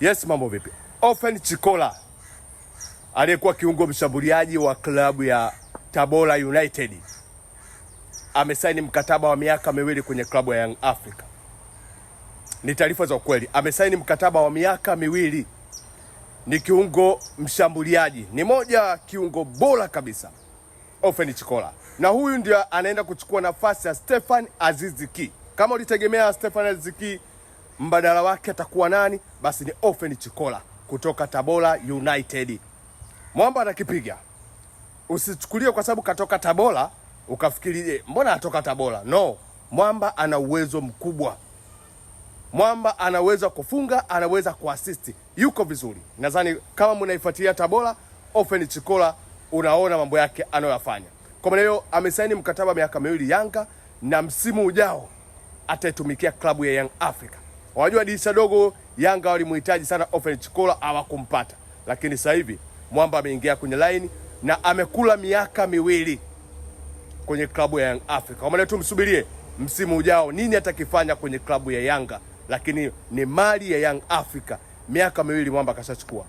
Yes, mambo vipi? Ofen Chikola aliyekuwa kiungo mshambuliaji wa klabu ya Tabora United amesaini mkataba wa miaka miwili kwenye klabu ya Young Africa. Ni taarifa za ukweli, amesaini mkataba wa miaka miwili. Ni kiungo mshambuliaji, ni moja kiungo bora kabisa, Ofen Chikola, na huyu ndio anaenda kuchukua nafasi ya Stefan Aziziki. Kama ulitegemea Stefan Aziziki mbadala wake atakuwa nani? Basi ni Ofen Chikola kutoka Tabora United. Mwamba atakipiga, usichukulie kwa sababu katoka Tabora ukafikiri eh, mbona atoka Tabora. No, Mwamba ana uwezo mkubwa. Mwamba anaweza kufunga, anaweza kuasisti, yuko vizuri. Nadhani kama mnaifuatilia Tabora, Ofen Chikola unaona mambo yake anayoyafanya. Kwa maana hiyo amesaini mkataba miaka miwili Yanga, na msimu ujao ataitumikia klabu ya Young Africa. Wajua dirisha dogo, Yanga walimhitaji sana Ofen Chikola, hawakumpata, lakini sasa hivi mwamba ameingia kwenye line na amekula miaka miwili kwenye klabu ya Young Africa. Kama tu msubirie msimu ujao nini atakifanya kwenye klabu ya Yanga, lakini ni mali ya Young Africa. Miaka miwili mwamba akashachukua.